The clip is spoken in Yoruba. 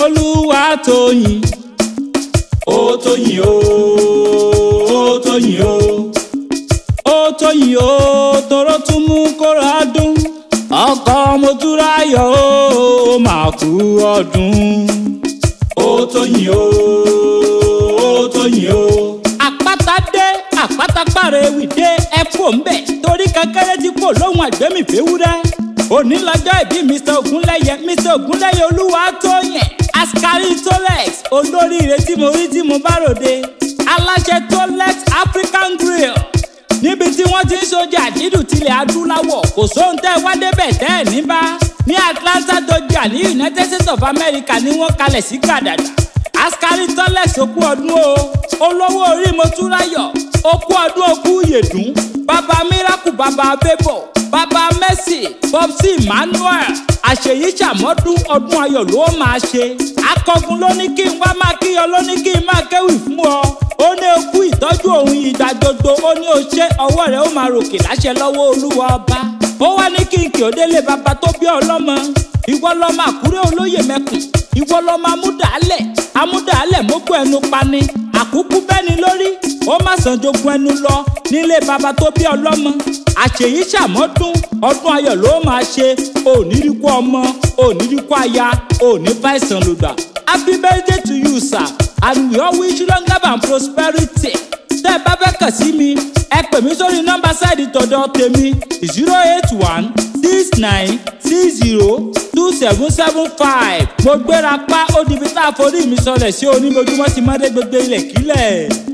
olúwa tóyìn. ó tóyìn o ó tóyìn o. ó tóyìn o tóró tún mú kóró adùn. ọkọ Motúnráyọ̀ ó máa kú ọdún. ó tóyìn o ó tóyìn o. àpáta dé àpáta pàrẹ̀ wìdé ẹ kú torí kankéré ti kò lóhun àgbẹ̀mí fèwúrẹ́ òní ìbí mr ogunlẹ́yẹ mr ogunlẹ́yẹ olúwa tó yẹn ascari tolex olóríire tí mo rí tí mo bá ròde aláṣẹ tolex african grill níbi tí wọ́n ti ń sojà dídùn tilẹ̀ adúláwọ̀ kò sóhun tẹ́ wá débẹ̀ tẹ́ ẹ̀ ní bá ní atlanta doja ní united states of america ni wọ́n kalẹ̀ sí gàdàdà ascari tolex okú ọdún o olówó orí mo tún ráyọ̀ okú ọdún okú yèdùn Baba miracle bàbá bébọ̀ bàbá mercy popsi emmanuel àṣeyíṣàmọ́dún ọdún ayọ̀ ló máa ṣe akọgun ló ní kí n wá máa kí ọ ló ní kí n máa kéwì fún ọ ó ní okú ìtọ́jú òun ìgbà gbogbo ó ní oṣé ọwọ́ rẹ̀ ó máa ròkè láṣẹ lọ́wọ́ olúwa ọba ó wá ní kí n kì ó délé bàbá tó bí ọlọ́mọ ìwọ lọ́mọ àkúrẹ́ olóyè mẹ́kùn ìwọ lọ́mọ amúdàálẹ̀ amúdàálẹ̀ mókù ẹnu pani àkúkú bẹ́ni lórí ó má sàn jogun ẹnu lọ nílé bàbá tó bí ọlọ́mọ àṣeyí ṣàmọ́dún ọdún ayọ̀ ló máa ṣe oníríkú ọmọ oníríkú aya oníbàìsàn lògbà happy birthday to you sir and we all wish you long life and prosperity tẹ́ ẹ bá fẹ́ kàn sí mi ẹ pè mí sórí nọ́mbà sáìdì tọ̀dọ̀ tèmi zero eight one six nine six zero two seven seven five mo gbéra pa ó di bí tá a forí mi sọlẹ̀ sí onímọ̀júmọ́ ti mọ́dé gbogbo ilẹ̀ kílẹ̀.